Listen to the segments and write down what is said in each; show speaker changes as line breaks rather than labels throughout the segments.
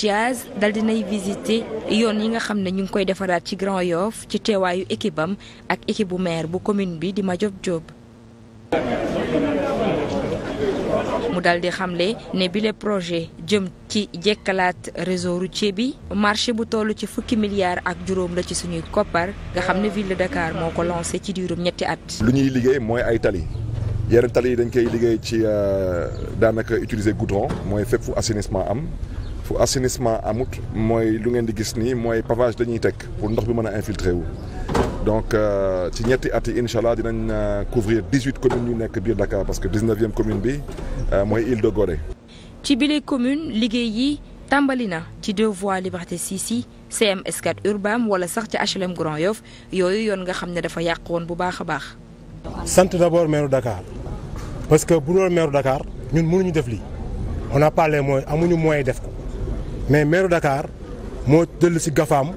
Diaz dal di dinay visiter yoon yi nga xam ne ñu ngi koy defaraat ci Grand Yoff ci teewaayu équipe ak équipe bu maire bu commune bi di ma Madiop Diop. mu dal di xamle ne bile projet jëm ci jekkalaat réseau routier bi marché bu toll ci fukki milliards ak juróom la ci suñuy koppar nga xam ne ville de moo ko lancé ci diirum ñetti at.
lu ñuy liggéey mooy ay tali yeneen tali dañ koy liggéey ci euh, daanaka utiliser goudron mooy fépp fu am. fu assainissement amut mooy lu ngeen di gis nii mooy pavage dañuy teg pour ndox bi mën a infiltrer wu. donc euh, ci ñetti at yi incha allah dinañ euh, couvrir dix huit communes yu nekk biir Dakar parce que dix neuvième commune bi euh, mooy Île de Gorée.
ci bile commune liggéey yi tàmbali na ci deux voies Liberté 6 yi CMS 4 Urbam wala sax ci HLM Grand Yoff yooyu yoon nga xam ne dafa yàq woon bu baax a baax.
sant d'abord maire Dakar parce que bu doon maire Dakar ñun mënuñu def lii on n'a pas les amuñu moyen def ko. mais maire Dakar moo dellu si gafaam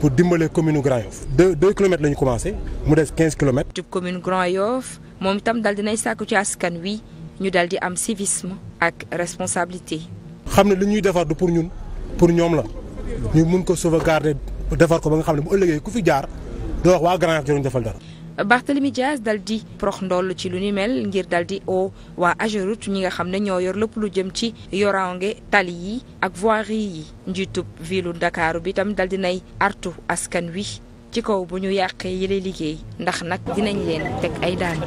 pour dimbale commune Grand Yoff deux deux kilomètres la ñu commencé mu des quinze kilomètres. jub commune Grand Yoff
moom itam dal dinay sàkku ci askan wi ñu dal di am civisme ak responsabilité.
xam ne li ñuy defar du pour ñun pour ñoom la ñu mun ko sauvegarder defar ko ba nga xam ne bu ëllëgee ku fi jaar doo wax waa Grand Yoff ñu defal dara.
Barthélemy Dias dal di prox ndoll ci lu ni mel ngir dal di o waa Ageroute ñi nga xam ne ñoo yor lépp lu jëm ci yorange tali yi ak voirie yi njiitub vilu Ndakaaru bi tam dal di nay artu askan wi ci kaw bu ñu yàqee yile liggéey ndax nag dinañ leen teg ay daan